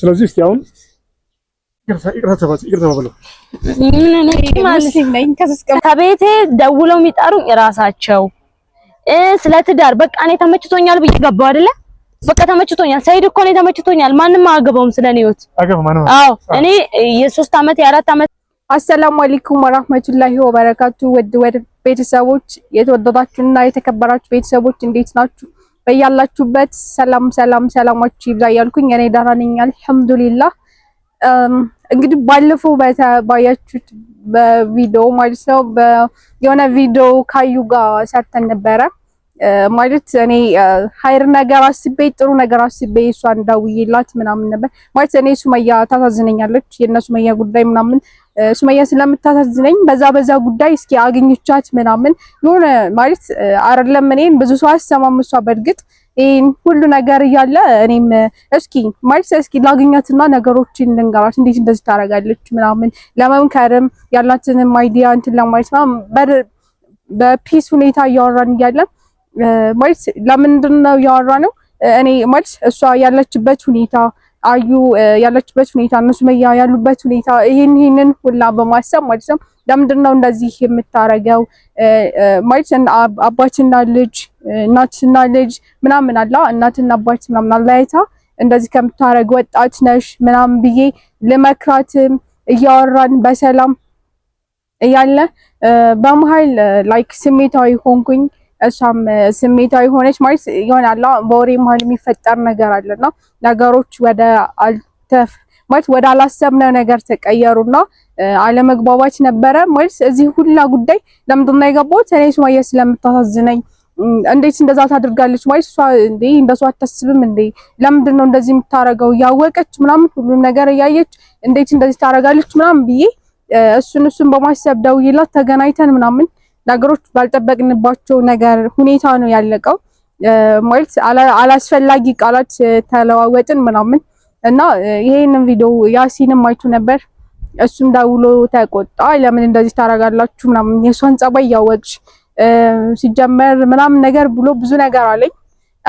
ስለዚህ እስቲ አሁን ከቤቴ ደውለው የሚጠሩኝ እራሳቸው ስለ ትዳር በቃ እኔ ተመችቶኛል ብዬ ገባሁ አይደለ? በቃ ተመችቶኛል። ሰይድ እኮ እኔ ተመችቶኛል። ማንም አያገባውም ስለ እኔ ህይወት። አዎ እኔ የሶስት ዓመት የአራት አሰላሙ አለይኩም ወራህመቱላሂ ወበረካቱ። ቤተሰቦች የተወደዳችሁና የተከበራችሁ ቤተሰቦች እንዴት ናችሁ? በያላችሁበት ሰላም ሰላም ሰላማችሁ ይብዛ እያልኩኝ እኔ ደህና ነኝ፣ አልሐምዱሊላህ። እንግዲህ ባለፈው ባያችሁት በቪዲዮ ማለት ነው የሆነ ቪዲዮ ካዩ ጋር ሰርተን ነበረ ማለት እኔ ሀይር ነገር አስቤ ጥሩ ነገር አስቤ እሷ እንዳውዬላት ምናምን ነበር ማለት እኔ ሱመያ ታሳዝነኛለች፣ የእነ ሱመያ ጉዳይ ምናምን ሱመያ ስለምታሳዝነኝ በዛ በዛ ጉዳይ እስኪ አግኝቻት ምናምን የሆነ ማለት አይደለም እኔን ብዙ ሰው አሰማም። እሷ በእርግጥ ይሄን ሁሉ ነገር እያለ እኔም እስኪ ማለት እስኪ ላግኛትና ነገሮችን ልንገራት፣ እንዴት እንደዚህ ታደርጋለች ምናምን ለመምከርም ያላትንም አይዲያ እንትን ለማለት በፒስ ሁኔታ እያወራን እያለን ማለት ለምንድን ነው እያወራ ነው? እኔ ማለት እሷ ያለችበት ሁኔታ አዩ ያለችበት ሁኔታ እነሱ መያ ያሉበት ሁኔታ ይሄን ይሄንን ሁላ በማሰብ ማለት ነው ለምንድን ነው እንደዚህ የምታረገው? ማለት አባትና ልጅ እናትና ልጅ ምናምን አላ እናትና አባት ምናምን አለያይታ እንደዚህ ከምታረግ ወጣት ነሽ ምናምን ብዬ ልመክራትም እያወራን በሰላም እያለ በመሀል ላይክ ስሜታዊ ሆንኩኝ። እሷም ስሜታዊ ሆነች ማለት ይሆናል። በወሬ መሀል የሚፈጠር ነገር አለና ነገሮች ወደ አልተፍ ማለት ወደ አላሰብነው ነገር ተቀየሩና አለመግባባት ነበረ ማለት እዚህ ሁላ ጉዳይ ለምንድን ነው የገባሁት? እኔ ሱመያ ስለምታሳዝነኝ እንዴት እንደዛ ታደርጋለች ማለት እሷ እንዴ እንደሷ አታስብም እንዴ ለምንድን ነው እንደዚህ የምታረገው? እያወቀች ምናምን ሁሉም ነገር እያየች እንዴት እንደዚህ ታደርጋለች ምናምን ብዬ እሱን እሱን በማሰብ ደውዬላት ተገናኝተን ምናምን ነገሮች ባልጠበቅንባቸው ነገር ሁኔታ ነው ያለቀው። ማለት አላስፈላጊ ቃላት ተለዋወጥን ምናምን እና ይሄንን ቪዲዮ ያሲንም አይቶ ነበር። እሱም ደውሎ ተቆጣ። ለምን እንደዚህ ታደርጋላችሁ ምናምን የእሷን ጸባይ እያወቅሽ ሲጀመር ምናምን ነገር ብሎ ብዙ ነገር አለኝ።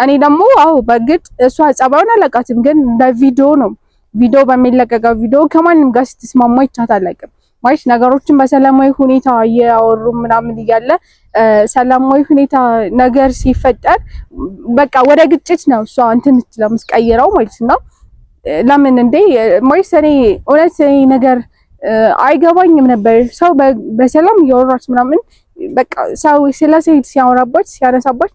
እኔ ደግሞ አዎ በእርግጥ እሷ ጸባዩን አላውቃትም፣ ግን እንደ ቪዲዮ ነው ቪዲዮ በሚለቀቀው ቪዲዮ ከማንም ጋር ስትስማማ ይቻት አላውቅም። ማለት ነገሮችን በሰላማዊ ሁኔታ እያወሩ ምናምን እያለ ሰላማዊ ሁኔታ ነገር ሲፈጠር በቃ ወደ ግጭት ነው እሷ እንትን የምትቀይረው ማለት ነው። ለምን እንዴ ማለት እኔ እውነት እኔ ነገር አይገባኝም ነበር። ሰው በሰላም እያወራች ምናምን በቃ ሰው ስለ ሴት ሲያወራባች ሲያነሳባች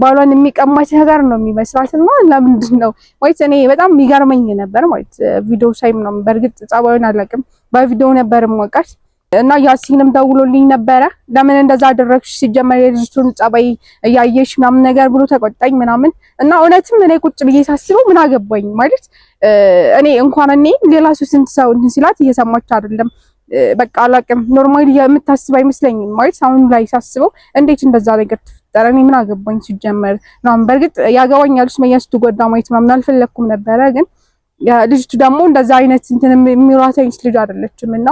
ባሏን የሚቀማች ነገር ነው የሚመስላት እና ለምንድን ነው ማለት እኔ በጣም ይገርመኝ ነበር ማለት ቪዲዮ ሳይም ነው። በእርግጥ ጸባዩን አላውቅም፣ በቪዲዮ ነበር የማውቃት እና ያሲንም ደውሎልኝ ነበረ። ለምን እንደዛ አደረግሽ ሲጀመር የልጅቱን ጸባይ እያየሽ ምናምን ነገር ብሎ ተቆጣኝ ምናምን እና እውነትም እኔ ቁጭ ብዬ ሳስበው ምን አገባኝ ማለት እኔ እንኳን እኔ ሌላ ሰው ስንት ሰው እንትን ሲላት እየሰማች አይደለም በቃ አላውቅም። ኖርማሊ የምታስብ አይመስለኝም ማለት አሁን ላይ ሳስበው እንዴት እንደዛ ነገር ተፈጠረ? እኔ ምን አገባኝ ሲጀመር ምናምን። በእርግጥ ያገባኛል ሱመያ ስትጎዳ ማየት ምናምን አልፈለኩም ነበረ፣ ግን ልጅቱ ደግሞ እንደዛ አይነት እንትን የሚሯት አይነት ልጅ አይደለችም። እና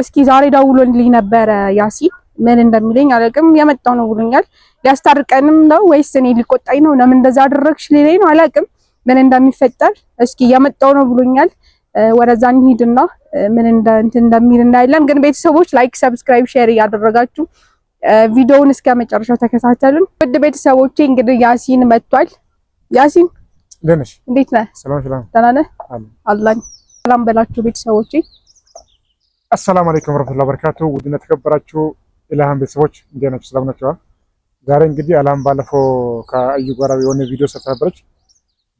እስኪ ዛሬ ደውሎልኝ ነበረ ያሲን ምን እንደሚለኝ አላውቅም። የመጣው ነው ብሎኛል። ሊያስታርቀንም ነው ወይስ እኔ ሊቆጣኝ ነው? ለምን እንደዛ አደረግሽ ሊለኝ ነው። አላውቅም ምን እንደሚፈጠር። እስኪ የመጣው ነው ብሎኛል። ወደዛ እንሂድና ምን እንደ እንትን እንደሚል እናያለን። ግን ቤተሰቦች ላይክ፣ ሰብስክራይብ፣ ሼር እያደረጋችሁ ቪዲዮውን እስከ መጨረሻው ተከታተሉን። ውድ ቤተሰቦቼ እንግዲህ ያሲን መጥቷል። ያሲን ደነሽ እንዴት ነህ? ሰላም ሰላም። ደህና ነህ? አላኝ ሰላም በላችሁ ቤተሰቦቼ። አሰላሙ አለይኩም ወራህመቱላሂ ወበረካቱ። ውድና ተከበራችሁ ኢላሃን ቤተሰቦች እንዴት ናችሁ? ሰላም ናችሁ? ዛሬ እንግዲህ አላም ባለፈው ከአዩ ጋራ የሆነ ቪዲዮ ሰርታ ነበረች።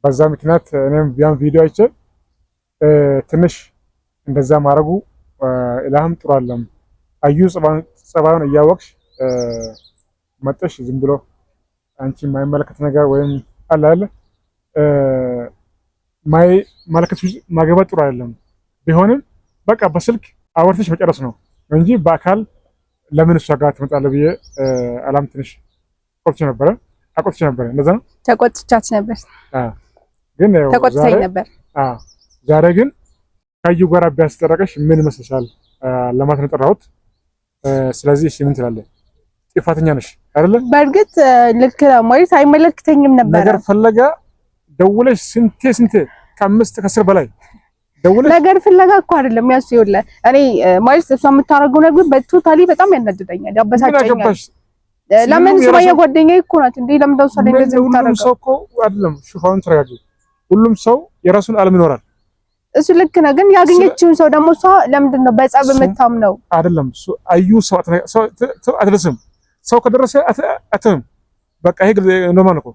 በዛ ምክንያት እኔም ያን ቪዲዮ አይቼ ትንሽ እንደዛ ማድረጉ ኢላህም ጥሩ አለም አዩ ጸባዩን እያወቅሽ መጠሽ ዝም ብሎ አንቺ የማይመለከት ነገር ወይም አላለ ማይ ማለከት ማገባ ጥሩ አይደለም። ቢሆንም በቃ በስልክ አወርተሽ መጨረስ ነው እንጂ በአካል ለምን እሷ ጋር ትመጣለ ብዬ አላም ትንሽ ቆጥቼ ነበረ አቆጥቼ ነበረ። እንደዛ ነው ተቆጥቻት ነበር ግን ተቆጥተኝ ነበር። ዛሬ ግን ከዩ ጋር ቢያስጠረቀሽ ምን ይመስልሻል ለማለት ነው የጠራሁት። ስለዚህ እሺ ምን ትላለህ? ጥፋተኛ ነሽ አይደለ? በእርግጥ ልክ ነው ማለት አይመለክተኝም ነበር። ነገር ፍለጋ ደውለሽ ስንቴ ስንቴ ከአምስት ከስር በላይ ደውለሽ ነገር ፍለጋ እኮ አይደለም ያሱ ይወለ እኔ ማለት እሷ የምታረገው ነገር በቶታሊ በጣም ያናደደኛል፣ ያበሳጨኛል። ለምን ሱማያ ጓደኛዬ እኮ ናት እንዴ? ለምን ደውሰ እንደዚህ የምታረገው? ሁሉም ሰው እኮ አይደለም ሽፋውን ተረጋጊ። ሁሉም ሰው የራሱን ዓለም ይኖራል። እሱ ልክ ነው፣ ግን ያገኘችውን ሰው ደግሞ እሷ ለምንድን ነው በጸብ የምታምነው? አይደለም እሱ አዩ ሰው አትደርስም ሰው ከደረሰ አትምም። በቃ ይሄ ኖርማል እኮ።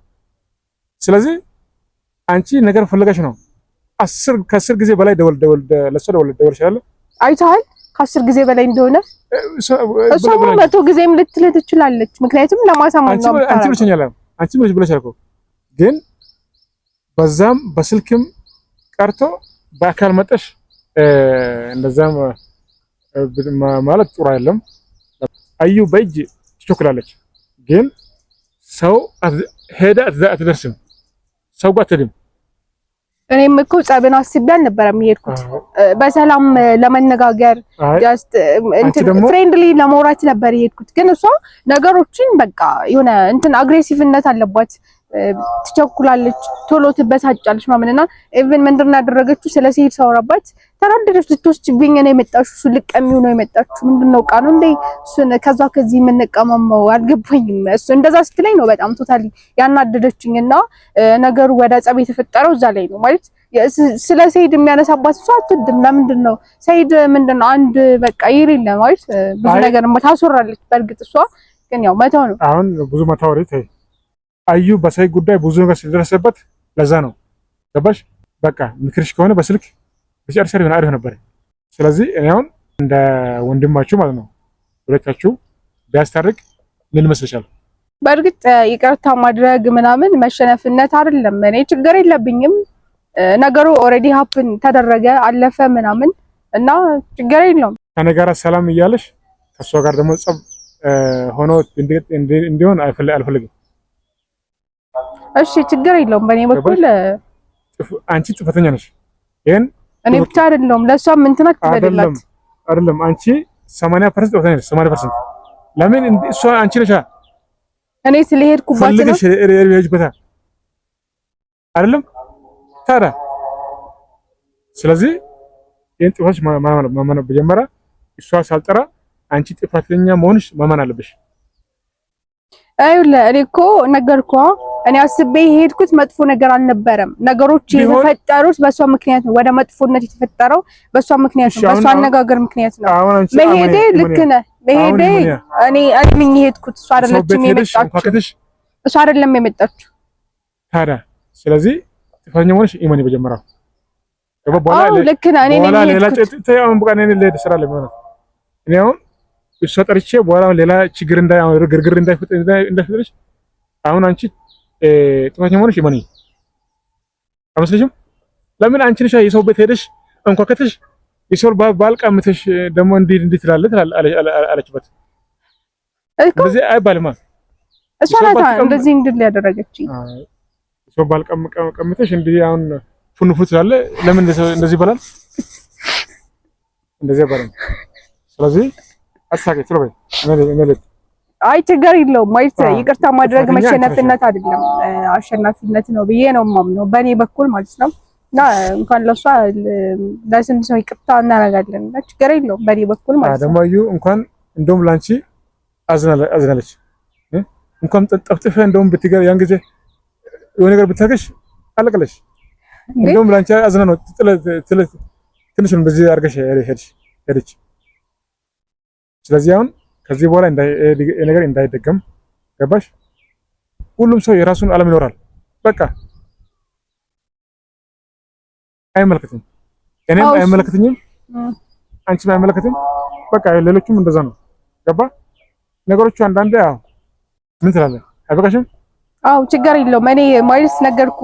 ስለዚህ አንቺ ነገር ፈለገሽ ነው። አስር ከአስር ጊዜ በላይ ደወል ደወል ለእሷ ደወል ደወል ይችላል። አይተሃል ከአስር ጊዜ በላይ እንደሆነ እሷ መቶ ጊዜም ልትልህ ትችላለች። ምክንያቱም ለማሳማን ነው። አንቺ ብለሽኛል፣ አንቺ ብለሽ እኮ ግን በዛም በስልክም ቀርቶ በአካል መጠሽ እንደዛም ማለት ጥሩ አይደለም። አዩ በእጅ ትቸኩላለች። ግን ሰው ሄዳ እዛ አትደርስም፣ ሰው ጋር አትሄድም። እኔም እኮ ጸብን አስቤ አልነበረም የሄድኩት፣ በሰላም ለመነጋገር ፍሬንድሊ ለመውራት ነበር የሄድኩት። ግን እሷ ነገሮችን በቃ የሆነ እንትን አግሬሲቭነት አለባት፣ ትቸኩላለች፣ ቶሎ ትበሳጫለች ምናምን እና ኢቭን ምንድን ያደረገችው ስለ ሲሄድ ሳወራባት ተናደደች። ልትወስጂብኝ ነው የመጣችሁ፣ እሱ ልቀሚው ነው የመጣችሁ። ምንድን ነው ዕቃ ነው እንዴ? እሱን ከዛ ከዚህ የምንቀማመው አልገባኝም። እሱ እንደዛ ስትለኝ ነው በጣም ቶታሊ ያናደደችኝ። እና ነገሩ ወደ ጸብ የተፈጠረው እዛ ላይ ነው ማለት ስለ ሰይድ የሚያነሳባት እሷ አትድም። ለምንድን ነው ሰይድ ምንድን ነው አንድ በቃ ይሪ ለማለት ብዙ ነገር ታስወራለች። በእርግጥ እሷ ግን ያው መተው ነው አሁን ብዙ መታወሪ ተይ አዩ በሰይድ ጉዳይ ብዙ ነገር ሲደረሰበት ለዛ ነው ገባሽ። በቃ ምክርሽ ከሆነ በስልክ መጨረሻ ሊሆን አሪፍ ነበር። ስለዚህ እኔ አሁን እንደ ወንድማችሁ ማለት ነው ሁለታችሁ ቢያስታርቅ ምን መስለሻል? በእርግጥ ይቅርታ ማድረግ ምናምን መሸነፍነት አይደለም። እኔ ችግር የለብኝም። ነገሩ ኦልሬዲ ሀፕን ተደረገ አለፈ ምናምን እና ችግር የለውም። ከኔ ጋር ሰላም እያለሽ ከእሷ ጋር ደግሞ ጸብ ሆኖ እንዲሆን አልፈልግም። እሺ ችግር የለውም። በእኔ በኩል አንቺ ጥፋተኛ ነሽ። ይህን እኔ ብቻ አይደለም ለእሷም እንትና ትበደላት አይደለም። አንቺ 80% ወተኔ 80% ለምን እሷ አንቺ ነሽ። እኔ ስለሄድኩባት ነው አይደለም ታዲያ። ስለዚህ ይሄን ጥፋትሽ ማመን በጀመሪያ እሷ ሳልጠራ አንቺ ጥፋተኛ መሆንሽ ማመን አለብሽ። አይውለ እኔ እኮ ነገርኳ እኔ አስቤ የሄድኩት መጥፎ ነገር አልነበረም። ነገሮች የተፈጠሩት በእሷ ምክንያት ነው። ወደ መጥፎነት የተፈጠረው በእሷ ምክንያት ነው፣ በእሷ አነጋገር ምክንያት ነው። መሄዴ ልክ ነህ። መሄዴ እኔ አልምኝ የሄድኩት እሷ አይደለችም የመጣችው፣ እሷ አይደለም የመጣችው። ታዲያ ስለዚህ ጥፋተኛ ሆነሽ ኢማን በጀመራው አዎ ልክ ነህ። እኔ ነኝ አሁን እሷ ጠርቼ በኋላ ሌላ ችግር እንዳይፈጥርሽ አሁን አንቺ ጥፋተኛ ሆነሽ የማን አይመስልሽም? ለምን አንቺ ነሽ የሰው ቤት ሄደሽ ከተሽ የሰው ባል ቀምተሽ ደግሞ እንዲህ እንዲህ ትላለህ ትላለህ አለችበት። እንደዚህ አይባልማ። እሷ ናት እንደዚህ እንድል ያደረገች። የሰው ባል ቀምተሽ እንዲህ አሁን ፉንፉ ትላለህ። ለምን እንደዚህ ይባላል? እንደዚህ አይባልም። ስለዚህ አይ ችግር የለውም ማለት ይቅርታ ማድረግ መሸነፍነት አይደለም፣ አሸናፊነት ነው ብዬ ነው የማምነው በእኔ በኩል ማለት ነው። እና እንኳን ለሷ ለስንት ሰው ይቅርታ እናደርጋለን። ችግር የለውም በእኔ በኩል ማለት ነው። አደማዩ እንኳን እንደውም ላንቺ አዝናለች። እንኳን ጠፍጥፈ እንደውም ብትገር ያን ጊዜ የሆነ ነገር ብታገሽ አለቀለሽ። እንደውም ላንቺ አዝና ነው ትንሽ በዚህ አድርገሽ ሄደች። ስለዚህ አሁን ከዚህ በኋላ ነገር እንዳይደገም ገባሽ? ሁሉም ሰው የራሱን ዓለም ይኖራል። በቃ አይመለከትም፣ እኔም አይመለከትኝም፣ አንቺም አይመለከትም። በቃ ሌሎችም እንደዛ ነው። ገባ ነገሮቹ አንዳንዴ ምን ትላለህ? አይበቃሽም? አው ችግር የለውም። እኔ ማይልስ ነገርኩ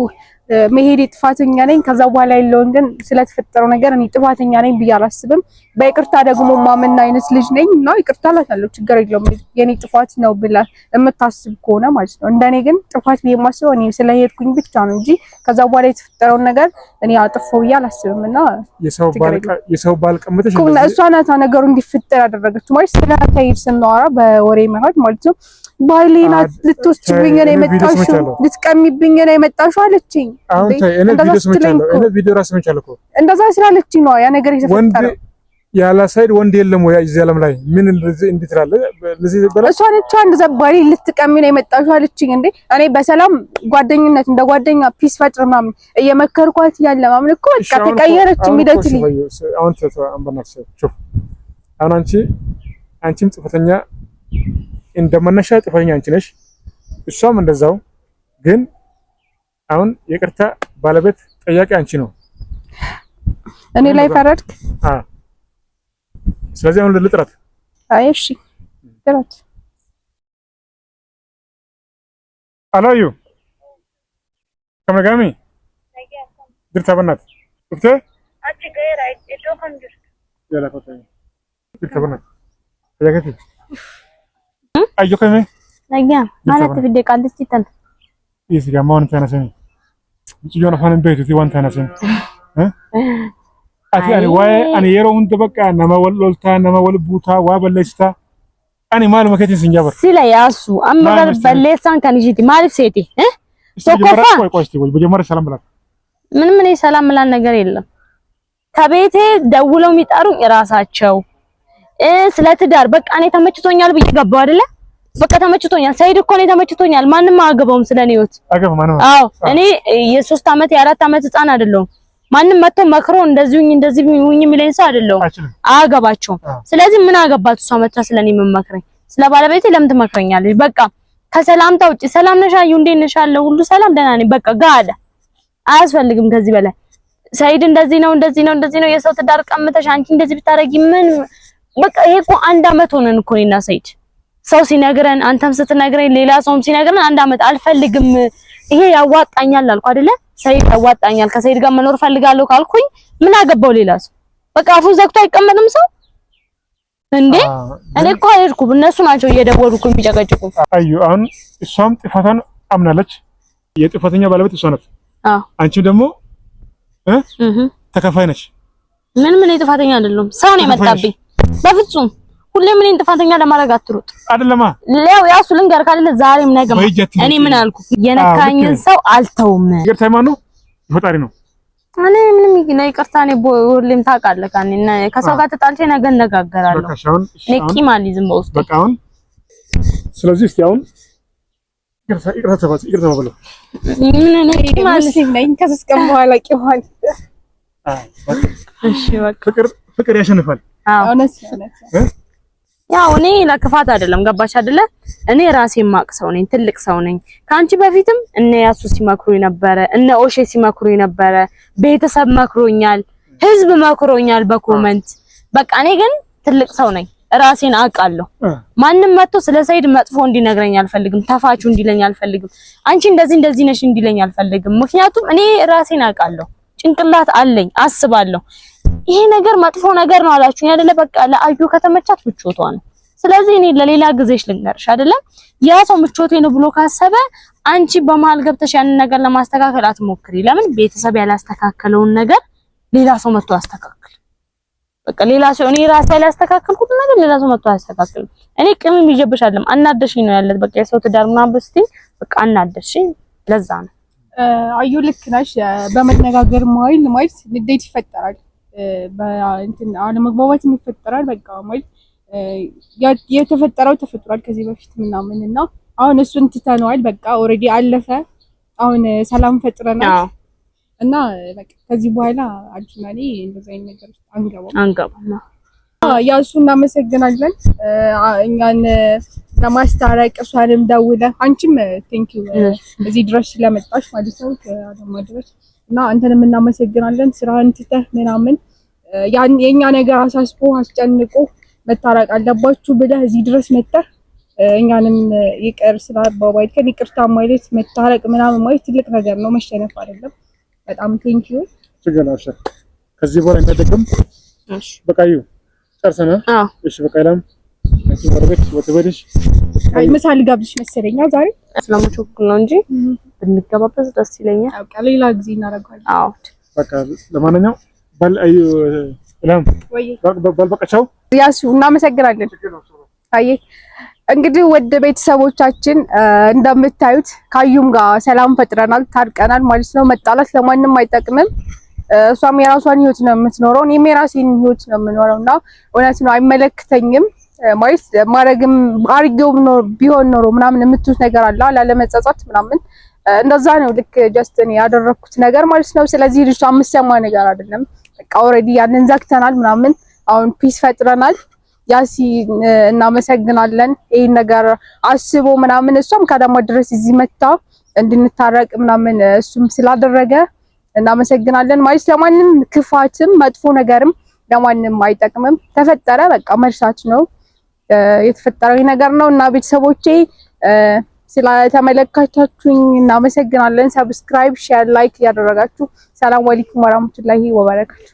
መሄድ ጥፋተኛ ነኝ ከዛ በኋላ ያለውን ግን ስለተፈጠረው ነገር እኔ ጥፋተኛ ነኝ ብዬ አላስብም። በይቅርታ ደግሞ ማምን አይነት ልጅ ነኝ እና ይቅርታ እላታለሁ። ችግር የለውም የኔ ጥፋት ነው ብላ የምታስብ ከሆነ ማለት ነው። እንደኔ ግን ጥፋት ብዬ የማስበው እኔ ስለሄድኩኝ ብቻ ነው እንጂ ከዛ በኋላ የተፈጠረውን ነገር እኔ አጥፈው ብዬ አላስብም። እና የሰው ባል እሷ ናታ ነገሩ እንዲፈጠር ያደረገችው ማለት ስለተይድ ስናወራ በወሬ መራት ማለት ነው ባሌናት ልትወስጭብኝ ነው የመጣሽው፣ ልትቀሚብኝ ነው የመጣሽው አለችኝ። አሁን ቪዲዮ ስመቻለሁ እኔ ቪዲዮ እንደዛ ስላለችኝ ነው ያ ነገር የተፈጠረው። ያላ ሳይድ ወንድ የለም ወይ እዚህ ዓለም ላይ ምን እንደዚህ እንትላለ ለዚህ ዘበለ እሷን ብቻ እንደዛ ባሌ ልትቀሚ ነው የመጣሽው አለችኝ። እንዴ እኔ በሰላም ጓደኝነት እንደ ጓደኛ ፒስ ፈጥር ምናምን እየመከርኳት ያለ ምናምን እኮ በቃ ተቀየረች። የሚደትልኝ አሁን ተሰ አንበናክሰ ሹፍ አሁን አንቺ አንቺም ጽፈተኛ እንደመነሻ ጥፋተኛ አንቺ ነሽ፣ እሷም እንደዛው። ግን አሁን የቅርታ ባለቤት ጠያቂ አንቺ ነው። እኔ ላይ ፈረድክ። ስለዚህ አሁን ልጥረት። አይ እሺ ጥረት። አላዩ ከመጋሚ ድርታ በናት እብቴ አጭ አየከኝ አያ ማለት ፍደቃልት ይተን ይስጋ ማን ተነሰኝ ይጆና ፋን ቤት እዚ ዋን ተነሰኝ አቲ አኒ ዋይ አኒ የሮ ሁንተ በቃ ነማ ወልሎልታ ነማ ወልቡታ ዋ በለስታ አኒ ማል መከቲ ሲንጃበር ሲላ ያሱ አማ በለሳን ካን ጂቲ ማልፍ ሴቲ ሶኮፋ ቆይ ቆይ ቆይ በጀመረ ሰላም ብላ ምንም እኔ ሰላም ብላ ነገር የለም ከቤቴ ደውለው የሚጠሩኝ እራሳቸው ስለ ትዳር በቃ እኔ ተመችቶኛል ብዬ ገባው አይደለ በቃ ተመችቶኛል። ሰይድ እኮ ነው ተመችቶኛል። ማንም አገባውም ስለኔ ህይወት። አዎ እኔ የሶስት አመት የአራት አመት ህፃን አይደለሁም። ማንም መጥቶ መክሮ እንደዚሁኝ እንደዚህ ሁኝ የሚለኝ ሰው አይደለሁም። አያገባቸውም። ስለዚህ ምን አገባት እሷ መታ ስለኔ የምመክረኝ? ስለ ባለቤቴ ለምን ትመክረኛለች? በቃ ከሰላምታ ውጪ ሰላም ነሽ አዩ? እንዴት ነሽ አለ ሁሉ ሰላም ደህና ነኝ። በቃ ጋዳ አያስፈልግም ከዚህ በላይ ሰይድ እንደዚህ ነው እንደዚህ ነው እንደዚህ ነው የሰው ትዳር ቀምተሽ አንቺ እንደዚህ ብታረጊ ምን በቃ ይሄ እኮ አንድ አመት ሆነን እኮ እኔና ሰይድ ሰው ሲነግረን አንተም ስትነግረኝ ሌላ ሰውም ሲነግረን አንድ አመት አልፈልግም፣ ይሄ ያዋጣኛል አልኩ አይደለ? ሰይድ ያዋጣኛል፣ ከሰይድ ጋር መኖር ፈልጋለሁ ካልኩኝ ምን አገባው ሌላ ሰው? በቃ አፉን ዘግቶ አይቀመጥም ሰው እንዴ። እኔ እኮ አልሄድኩም፣ እነሱ ናቸው እየደወሉኩ የሚጨቀጭቁ። አዩ አሁን እሷም ጥፋቷን አምናለች። የጥፋተኛ ባለቤት እሷ ናት። አንቺም ደግሞ ተከፋይ ነች። ምን ምን የጥፋተኛ አይደለም ሰው ነው የመጣብኝ በፍጹም ሁሌም እኔን ጥፋተኛ ለማድረግ አትሩጥ። አይደለማ ሌው ያው እሱ ልንገር ካለ ዛሬም ነገ እኔ ምን አልኩ? የነካኝን ሰው አልተውም። ይቅርታ ሃይማኖት ፈጣሪ ነው። እኔ ምንም ይግና ይቅርታ እኔ ሁሌም ታውቃለህ። እና ከሰው ጋር ተጣልቼ ነገ እነጋገራለሁ። እኔ ቂም አልይዝም በውስጥ በቃ። አሁን ስለዚህ እስቲ አሁን ይቅርታ ይቅርታ በለው። ምን እኔ ቂም አልይዝም ከሰስ ቀን በኋላ ቂም አለ። እሺ በቃ ፍቅር ፍቅር ያሸንፋል። አዎ ነስ ነስ ያው እኔ ለክፋት አይደለም ገባሽ አይደለ? እኔ ራሴ ማቅ ሰው ነኝ፣ ትልቅ ሰው ነኝ። ከአንቺ በፊትም እነ ያሱ ሲመክሩ ነበረ፣ እነ ኦሼ ሲመክሩ ነበረ፣ ቤተሰብ መክሮኛል፣ ህዝብ መክሮኛል በኮመንት በቃ። እኔ ግን ትልቅ ሰው ነኝ፣ ራሴን አውቃለሁ። ማንም መጥቶ ስለ ሰይድ መጥፎ እንዲነግረኝ አልፈልግም፣ ተፋቹ እንዲለኝ አልፈልግም፣ አንቺ እንደዚህ እንደዚህ ነሽ እንዲለኝ አልፈልግም። ምክንያቱም እኔ ራሴን አውቃለሁ፣ ጭንቅላት አለኝ፣ አስባለሁ ይሄ ነገር መጥፎ ነገር ነው አላችሁ አይደለ? በቃ ለአዩ ከተመቻት ምቾቷ ነው። ስለዚህ እኔ ለሌላ ጊዜሽ ልንገርሽ አይደለም፣ ያ ሰው ምቾቴ ነው ብሎ ካሰበ አንቺ በመሀል ገብተሽ ያንን ነገር ለማስተካከል አትሞክሪ። ለምን ቤተሰብ ያላስተካከለውን ነገር ሌላ ሰው መጥቶ አስተካክል። በቃ ሌላ ሰው እኔ ራሴ ያላስተካከልኩት ነገር ሌላ ሰው መጥቶ አያስተካክልም። እኔ ቅምም ይጀብሽ አይደለም፣ አናደሽኝ ነው ያለት። በቃ የሰው ትዳር ምናምን ብስትይ በቃ አናደሽኝ፣ ለዛ ነው አዩ። ልክ ነሽ። በመነጋገር ማይል ማለት ንዴት ይፈጠራል። አለመግባባት ይፈጠራል። በቃ ማለት የተፈጠረው ተፈጥሯል ከዚህ በፊት ምናምን እና አሁን እሱን ትተነዋል። በቃ ኦልሬዲ አለፈ። አሁን ሰላም ፈጥረናል እና ከዚህ በኋላ አዲና እኔ አይነት ነገር አንገባም አንገባም። ያ እሱ እናመሰግናለን። እኛን ለማስታረቅ እሷንም ደውለህ አንቺም ቴንኪው እዚህ ድረስ ስለመጣሽ ማለት ነው ከአለማ ድረስ እና አንተንም እናመሰግናለን ስራህን ትተህ ምናምን የእኛ ነገር አሳስቦ አስጨንቆ መታረቅ አለባችሁ ብለህ እዚህ ድረስ መጣ እኛንም ይቅር ስለአባባይ ከን ይቅርታ ማለት መታረቅ ምናምን ማለት ትልቅ ነገር ነው። መሸነፍ አይደለም። በጣም ቴንኪዩ። ዩ ነው። ከዚህ በኋላ እንደደግም እሺ፣ በቃ ይሁ ጨርሰናል። እሺ፣ በቃላም ይላም እሺ፣ ወርበት ወተበልሽ አይ ምሳ ልጋብዝሽ መሰለኛ ዛሬ ስለምቾኩል ነው እንጂ ብንገባበት ደስ ይለኛል። በቃ ሌላ ጊዜ እናደርገዋለን። አዎ፣ በቃ ለማንኛውም ባልበቃቸው ያሱ እናመሰግናለን። አየ እንግዲህ ወደ ቤተሰቦቻችን እንደምታዩት ካዩም ጋር ሰላም ፈጥረናል፣ ታርቀናል ማለት ነው። መጣላት ለማንም አይጠቅምም። እሷም የራሷን ህይወት ነው የምትኖረው፣ እኔም የራሴን ህይወት ነው የምኖረው እና እውነት ነው አይመለከተኝም ማለት ማድረግም አድርጌው ቢሆን ኖሮ ምናምን የምትሉት ነገር አለ ላለመጸጸት ምናምን እንደዛ ነው። ልክ ጀስትን ያደረኩት ነገር ማለት ነው። ስለዚህ ልጅቷ የምትሰማ ነገር አይደለም። በቃ ኦልሬዲ ያንን ዘግተናል ምናምን አሁን ፒስ ፈጥረናል። ያሲ እናመሰግናለን። ይህን ነገር አስቦ ምናምን እሷም ከአዳማ ድረስ እዚህ መታ እንድንታረቅ ምናምን እሱም ስላደረገ እናመሰግናለን። ማለት ለማንም ክፋትም መጥፎ ነገርም ለማንም አይጠቅምም። ተፈጠረ በቃ መርሳት ነው የተፈጠረው ነገር ነው እና ቤተሰቦቼ ስለተመለከታችሁኝ እናመሰግናለን። ሰብስክራይብ፣ ሼር፣ ላይክ እያደረጋችሁ ሰላም አለይኩም ወራህመቱላሂ ወበረካቱ።